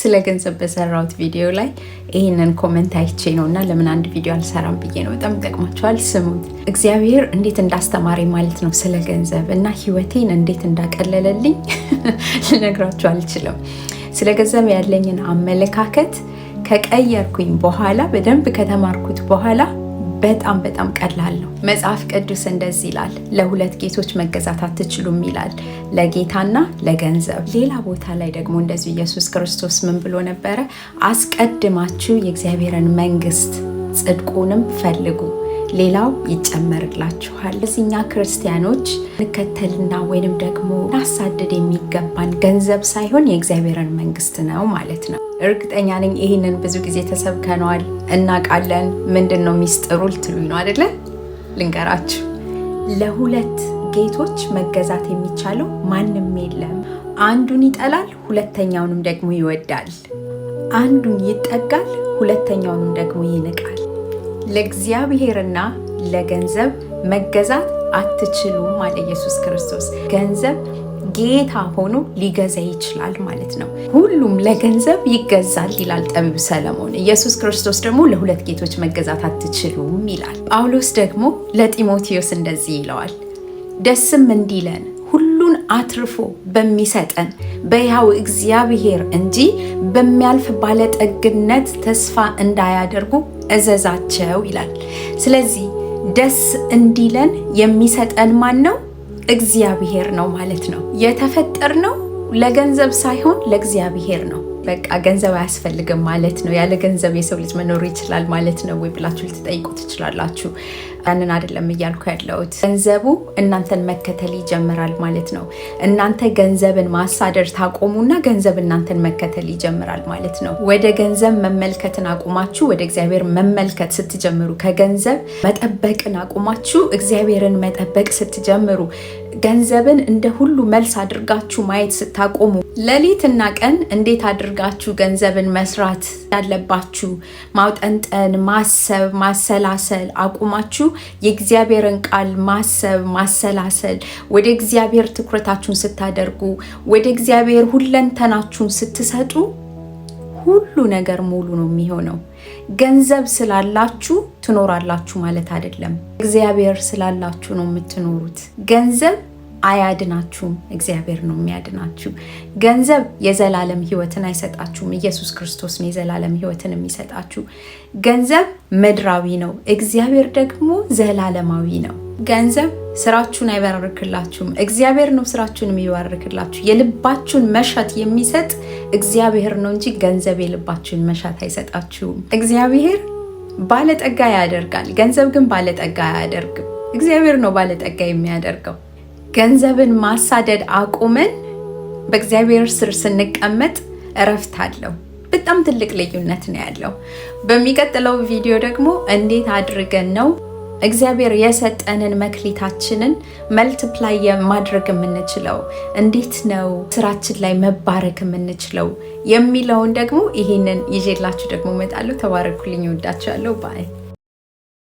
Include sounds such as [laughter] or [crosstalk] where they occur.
ስለ ገንዘብ በሰራሁት ቪዲዮ ላይ ይህንን ኮመንት አይቼ ነው እና ለምን አንድ ቪዲዮ አልሰራም ብዬ ነው። በጣም ይጠቅማቸዋል፣ ስሙት። እግዚአብሔር እንዴት እንዳስተማሪ ማለት ነው ስለ ገንዘብ እና ህይወቴን እንዴት እንዳቀለለልኝ [laughs] ልነግራችሁ አልችልም። ስለ ገንዘብ ያለኝን አመለካከት ከቀየርኩኝ በኋላ በደንብ ከተማርኩት በኋላ በጣም በጣም ቀላል ነው። መጽሐፍ ቅዱስ እንደዚህ ይላል፣ ለሁለት ጌቶች መገዛት አትችሉም ይላል፣ ለጌታና ለገንዘብ። ሌላ ቦታ ላይ ደግሞ እንደዚሁ ኢየሱስ ክርስቶስ ምን ብሎ ነበረ? አስቀድማችሁ የእግዚአብሔርን መንግስት ጽድቁንም ፈልጉ ሌላው ይጨመርላችኋል። እዚህ እኛ ክርስቲያኖች ንከተልና ወይንም ደግሞ ናሳድድ የሚገባን ገንዘብ ሳይሆን የእግዚአብሔርን መንግስት ነው ማለት ነው። እርግጠኛ ነኝ ይህንን ብዙ ጊዜ ተሰብከነዋል፣ እናውቃለን። ምንድን ነው ሚስጥሩ ልትሉኝ ነው አደለ? ልንገራችሁ። ለሁለት ጌቶች መገዛት የሚቻለው ማንም የለም። አንዱን ይጠላል፣ ሁለተኛውንም ደግሞ ይወዳል። አንዱን ይጠጋል፣ ሁለተኛውንም ደግሞ ይንቃል። ለእግዚአብሔርና ለገንዘብ መገዛት አትችሉም አለ ኢየሱስ ክርስቶስ። ገንዘብ ጌታ ሆኖ ሊገዛ ይችላል ማለት ነው። ሁሉም ለገንዘብ ይገዛል ይላል ጠቢብ ሰለሞን። ኢየሱስ ክርስቶስ ደግሞ ለሁለት ጌቶች መገዛት አትችሉም ይላል። ጳውሎስ ደግሞ ለጢሞቴዎስ እንደዚህ ይለዋል፣ ደስም እንዲለን ሁሉን አትርፎ በሚሰጠን በሕያው እግዚአብሔር እንጂ በሚያልፍ ባለጠግነት ተስፋ እንዳያደርጉ እዘዛቸው ይላል። ስለዚህ ደስ እንዲለን የሚሰጠን ማን ነው? እግዚአብሔር ነው ማለት ነው። የተፈጠርነው ለገንዘብ ሳይሆን ለእግዚአብሔር ነው። በቃ ገንዘብ አያስፈልግም ማለት ነው። ያለ ገንዘብ የሰው ልጅ መኖር ይችላል ማለት ነው ወይ ብላችሁ ልትጠይቁ ትችላላችሁ። ያንን አይደለም እያልኩ ያለሁት። ገንዘቡ እናንተን መከተል ይጀምራል ማለት ነው። እናንተ ገንዘብን ማሳደር ታቆሙና ገንዘብ እናንተን መከተል ይጀምራል ማለት ነው። ወደ ገንዘብ መመልከትን አቁማችሁ ወደ እግዚአብሔር መመልከት ስትጀምሩ፣ ከገንዘብ መጠበቅን አቁማችሁ እግዚአብሔርን መጠበቅ ስትጀምሩ ገንዘብን እንደ ሁሉ መልስ አድርጋችሁ ማየት ስታቆሙ፣ ሌሊት እና ቀን እንዴት አድርጋችሁ ገንዘብን መስራት ያለባችሁ ማውጠንጠን፣ ማሰብ፣ ማሰላሰል አቁማችሁ የእግዚአብሔርን ቃል ማሰብ፣ ማሰላሰል ወደ እግዚአብሔር ትኩረታችሁን ስታደርጉ፣ ወደ እግዚአብሔር ሁለንተናችሁን ስትሰጡ ሁሉ ነገር ሙሉ ነው የሚሆነው። ገንዘብ ስላላችሁ ትኖራላችሁ ማለት አይደለም። እግዚአብሔር ስላላችሁ ነው የምትኖሩት። ገንዘብ አያድናችሁም፣ እግዚአብሔር ነው የሚያድናችሁ። ገንዘብ የዘላለም ሕይወትን አይሰጣችሁም። ኢየሱስ ክርስቶስ ነው የዘላለም ሕይወትን የሚሰጣችሁ። ገንዘብ ምድራዊ ነው፣ እግዚአብሔር ደግሞ ዘላለማዊ ነው። ገንዘብ ስራችሁን አይባርክላችሁም። እግዚአብሔር ነው ስራችሁን የሚባርክላችሁ። የልባችሁን መሻት የሚሰጥ እግዚአብሔር ነው እንጂ ገንዘብ የልባችሁን መሻት አይሰጣችሁም። እግዚአብሔር ባለጠጋ ያደርጋል፣ ገንዘብ ግን ባለጠጋ አያደርግም። እግዚአብሔር ነው ባለጠጋ የሚያደርገው። ገንዘብን ማሳደድ አቁመን በእግዚአብሔር ስር ስንቀመጥ እረፍት አለው። በጣም ትልቅ ልዩነት ነው ያለው። በሚቀጥለው ቪዲዮ ደግሞ እንዴት አድርገን ነው እግዚአብሔር የሰጠንን መክሊታችንን መልትፕላይ ማድረግ የምንችለው እንዴት ነው ስራችን ላይ መባረክ የምንችለው የሚለውን ደግሞ ይሄንን ይዤላችሁ ደግሞ እመጣለሁ። ተባረኩልኝ። እወዳችኋለሁ። ባይ